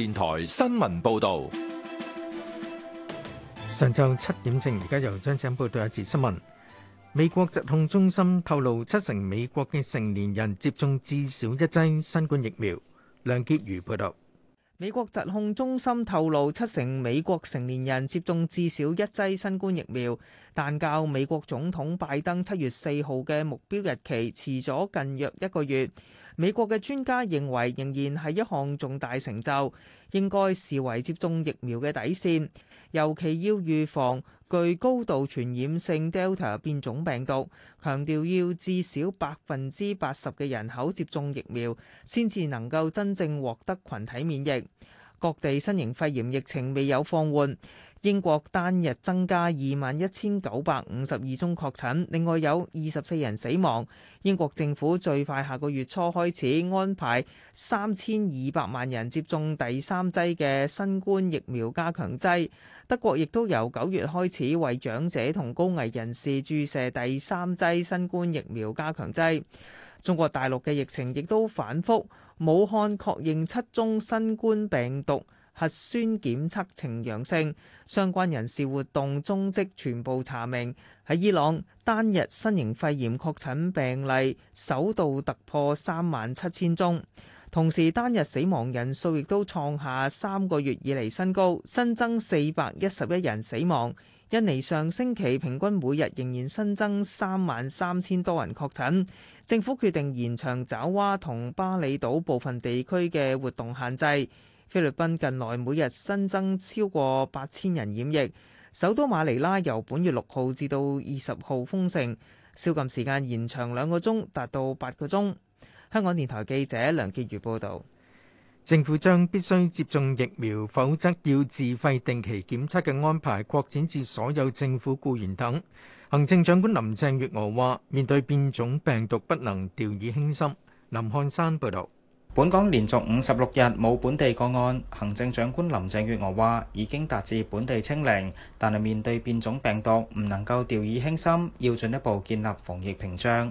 電台新聞報道，上晝七點正，而家由張生報道一節新聞。美國疾控中心透露，七成美國嘅成年人接種至少一劑新冠疫苗。梁潔如報道。美國疾控中心透露，七成美國成年人接種至少一劑新冠疫苗，但較美國總統拜登七月四號嘅目標日期遲咗近約一個月。美國嘅專家認為，仍然係一項重大成就，應該視為接種疫苗嘅底線。尤其要預防具高度傳染性 Delta 變種病毒，強調要至少百分之八十嘅人口接種疫苗，先至能夠真正獲得群體免疫。各地新型肺炎疫情未有放緩。英國單日增加二萬一千九百五十二宗確診，另外有二十四人死亡。英國政府最快下個月初開始安排三千二百萬人接種第三劑嘅新冠疫苗加強劑。德國亦都由九月開始為長者同高危人士注射第三劑新冠疫苗加強劑。中國大陸嘅疫情亦都反覆，武漢確認七宗新冠病毒。核酸檢測呈陽性，相關人士活動蹤跡全部查明。喺伊朗，單日新型肺炎確診病例首度突破三萬七千宗，同時單日死亡人數亦都創下三個月以嚟新高，新增四百一十一人死亡。印尼上星期平均每日仍然新增三萬三千多人確診，政府決定延長爪哇同巴厘島部分地區嘅活動限制。菲律賓近來每日新增超過八千人染疫，首都馬尼拉由本月六號至到二十號封城，宵禁時間延長兩個鐘，達到八個鐘。香港電台記者梁潔如報導，政府將必須接種疫苗，否則要自費定期檢測嘅安排擴展至所有政府雇員等。行政長官林鄭月娥話：面對變種病毒，不能掉以輕心。林漢山報導。本港連續五十六日冇本地個案，行政長官林鄭月娥話已經達至本地清零，但係面對變種病毒，唔能夠掉以輕心，要進一步建立防疫屏障。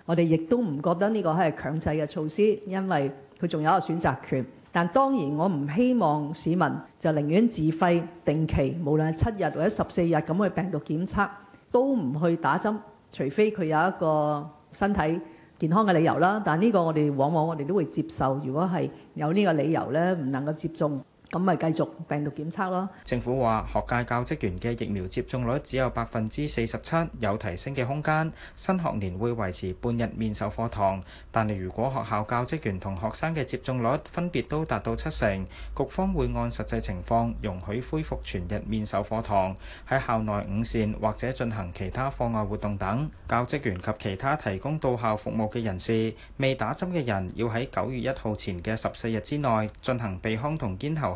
我哋亦都唔覺得呢個係強制嘅措施，因為佢仲有一個選擇權。但當然，我唔希望市民就寧願自費定期，無論係七日或者十四日咁去病毒檢測，都唔去打針，除非佢有一個身體健康嘅理由啦。但呢個我哋往往我哋都會接受，如果係有呢個理由呢，唔能夠接種。咁咪繼續病毒檢測咯。政府話學界教職員嘅疫苗接種率只有百分之四十七，有提升嘅空間。新學年會維持半日面授課堂，但係如果學校教職員同學生嘅接種率分別都達到七成，局方會按實際情況容許恢復全日面授課堂，喺校內午膳或者進行其他課外活動等。教職員及其他提供到校服務嘅人士，未打針嘅人要喺九月一號前嘅十四日之內進行鼻腔同咽喉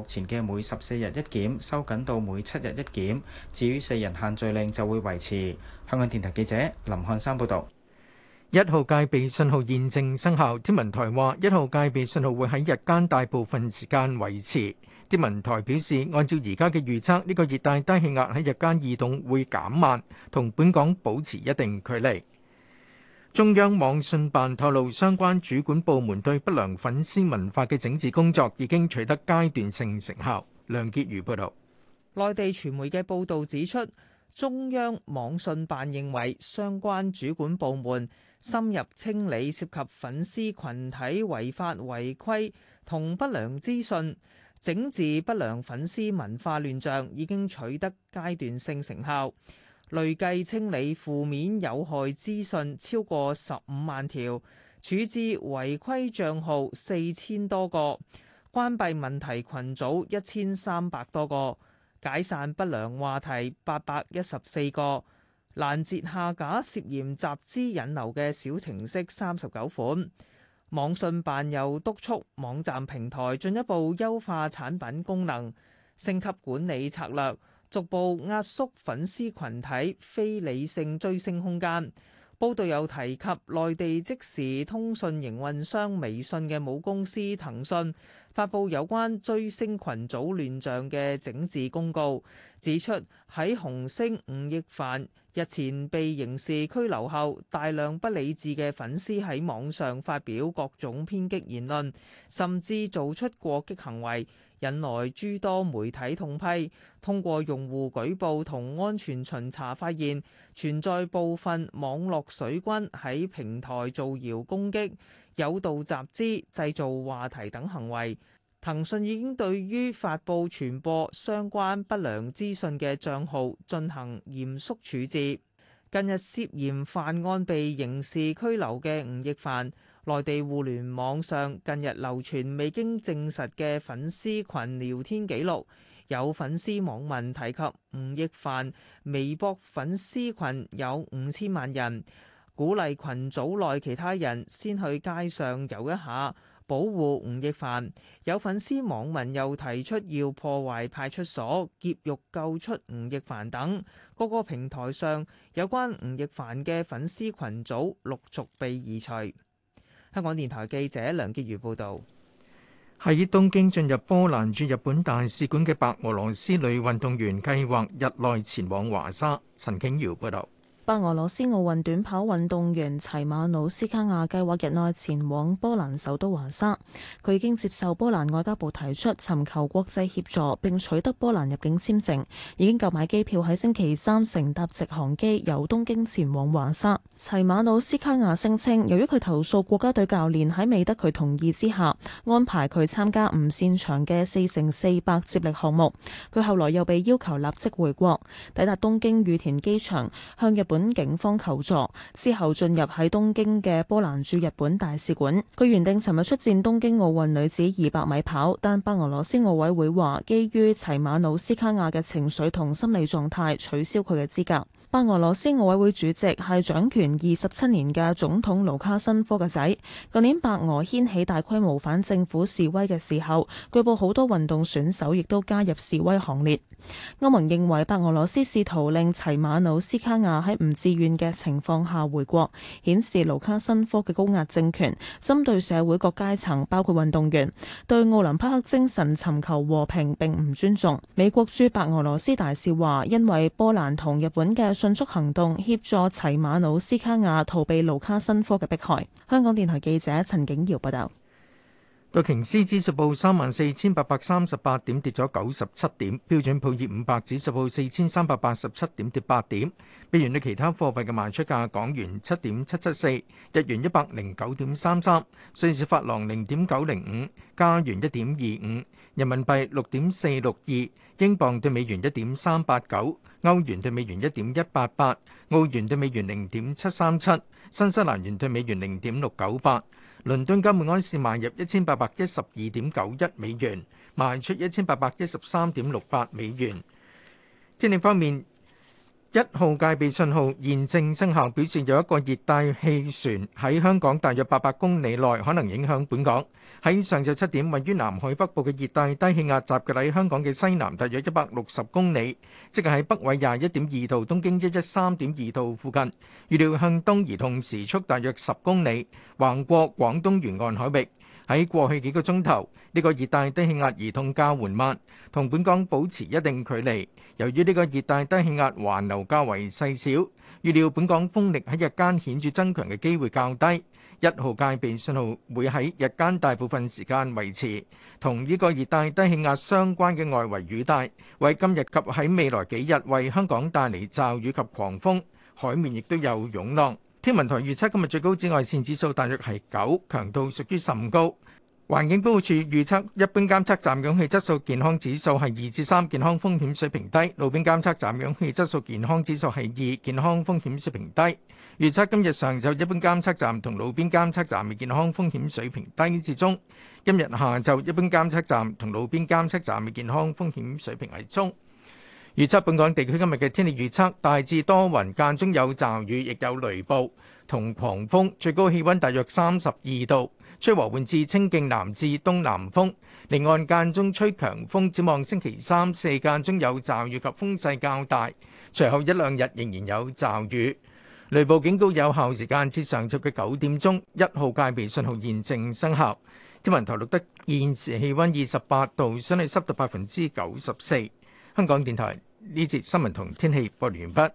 目前嘅每十四日一檢收緊到每七日一檢，至於四人限聚令就會維持。香港電台記者林漢山報導。一號戒備信號驗證生效，天文台話一號戒備信號會喺日間大部分時間維持。天文台表示，按照而家嘅預測，呢個熱帶低氣壓喺日間移動會減慢，同本港保持一定距離。中央網信辦透露，相關主管部門對不良粉絲文化嘅整治工作已經取得階段性成效。梁潔如報道。內地傳媒嘅報道指出，中央網信辦認為，相關主管部門深入清理涉及粉絲群體違法違規同不良資訊，整治不良粉絲文化亂象已經取得階段性成效。累計清理負面有害資訊超過十五萬條，處置違規賬號四千多個，關閉問題群組一千三百多個，解散不良話題八百一十四個，攔截下架涉嫌集資引流嘅小程式三十九款。網信辦又督促網站平台進一步優化產品功能，升級管理策略。逐步壓縮粉絲群體非理性追星空間。報道有提及，內地即時通訊營運商微信嘅母公司騰訊，發布有關追星群組亂象嘅整治公告，指出喺紅星吳亦凡日前被刑事拘留後，大量不理智嘅粉絲喺網上發表各種偏激言論，甚至做出過激行為。引來諸多媒體痛批。通過用戶舉報同安全巡查發現，存在部分網絡水軍喺平台造謠攻擊、有道集資、製造話題等行為。騰訊已經對於發布傳播相關不良資訊嘅帳號進行嚴肅處置。近日涉嫌犯案被刑事拘留嘅吳亦凡。內地互聯網上近日流傳未經證實嘅粉絲群聊天記錄，有粉絲網民提及吳亦凡，微博粉絲群有五千萬人，鼓勵群組內其他人先去街上游一下，保護吳亦凡。有粉絲網民又提出要破壞派出所、劫獄救出吳亦凡等。各個平台上有關吳亦凡嘅粉絲群組陸續被移除。香港電台記者梁潔如報道。喺東京進入波蘭駐日本大使館嘅白俄羅斯女運動員，計劃日內前往華沙。陳景瑤報道。俄羅斯奧運短跑運動員齊馬努斯卡亞計劃日內前往波蘭首都華沙，佢已經接受波蘭外交部提出尋求國際協助並取得波蘭入境簽證，已經購買機票喺星期三乘搭直航機由東京前往華沙。齊馬努斯卡亞聲稱，由於佢投訴國家隊教練喺未得佢同意之下安排佢參加唔擅長嘅四乘四百接力項目，佢後來又被要求立即回國，抵達東京羽田機場向日本警方求助之後進入喺東京嘅波蘭駐日本大使館，佢原定尋日出戰東京奧運女子二百米跑，但白俄羅斯奧委會話，基於齊馬努斯卡亞嘅情緒同心理狀態，取消佢嘅資格。白俄羅斯奧委會主席係掌權二十七年嘅總統盧卡申科嘅仔。舊年白俄掀起大規模反政府示威嘅時候，據報好多運動選手亦都加入示威行列。歐盟認為白俄羅斯試圖令齊馬努斯卡亞喺唔自願嘅情況下回國，顯示盧卡申科嘅高壓政權針對社會各階層，包括運動員，對奧林匹克精神尋求和平並唔尊重。美國駐白俄羅斯大使話：因為波蘭同日本嘅迅速行動協助齊馬努斯卡亞逃避盧卡申科嘅迫害。香港電台記者陳景堯報道。道瓊斯指數報三萬四千八百三十八點，跌咗九十七點。標準普爾五百指數報四千三百八十七點，跌八點。美元對其他貨幣嘅賣出價：港元七點七七四，日元一百零九點三三，瑞士法郎零點九零五，加元一點二五，人民幣六點四六二，英鎊對美元一點三八九，歐元對美元一點一八八，澳元對美元零點七三七，新西蘭元對美元零點六九八。倫敦金每安士買入一千八百一十二點九一美元，賣出一千八百一十三點六八美元。即令方面。一號戒備信號現正生效，表示有一個熱帶氣旋喺香港大約八百公里內可能影響本港。喺上晝七點，位於南海北部嘅熱帶低氣壓，集結喺香港嘅西南大約一百六十公里，即係喺北緯廿一點二度，東經一一三點二度附近。預料向東移動，時速大約十公里，橫過廣東沿岸海域。喺過去幾個鐘頭，呢個熱帶低氣壓移動較緩慢，同本港保持一定距離。由於呢個熱帶低氣壓環流較為細小，預料本港風力喺日間顯著增強嘅機會較低。一號戒備信號會喺日間大部分時間維持。同呢個熱帶低氣壓相關嘅外圍雨帶，為今日及喺未來幾日為香港帶嚟驟雨及狂風，海面亦都有湧浪。天文台預測今日最高紫外線指數大約係九，強度屬於甚高。環境保護署預測，一般監測站嘅空氣質素健康指數係二至三，健康風險水平低；路邊監測站嘅空氣質素健康指數係二，健康風險水平低。預測今日上晝一般監測站同路邊監測站嘅健康風險水平低至中。今日下晝一般監測站同路邊監測站嘅健康風險水平係中。預測本港地區今日嘅天氣預測，大致多雲，間中有驟雨，亦有雷暴同狂風，最高氣溫大約三十二度，吹和緩至清勁南至東南風。離岸間中吹強風，展望星期三四間中有驟雨及風勢較大，隨後一兩日仍然有驟雨、雷暴警告有效時間至上晝嘅九點鐘，一號戒備信號現正生效。天文台錄得現時氣溫二十八度，相對濕度百分之九十四。香港電台呢節新聞同天氣播完畢。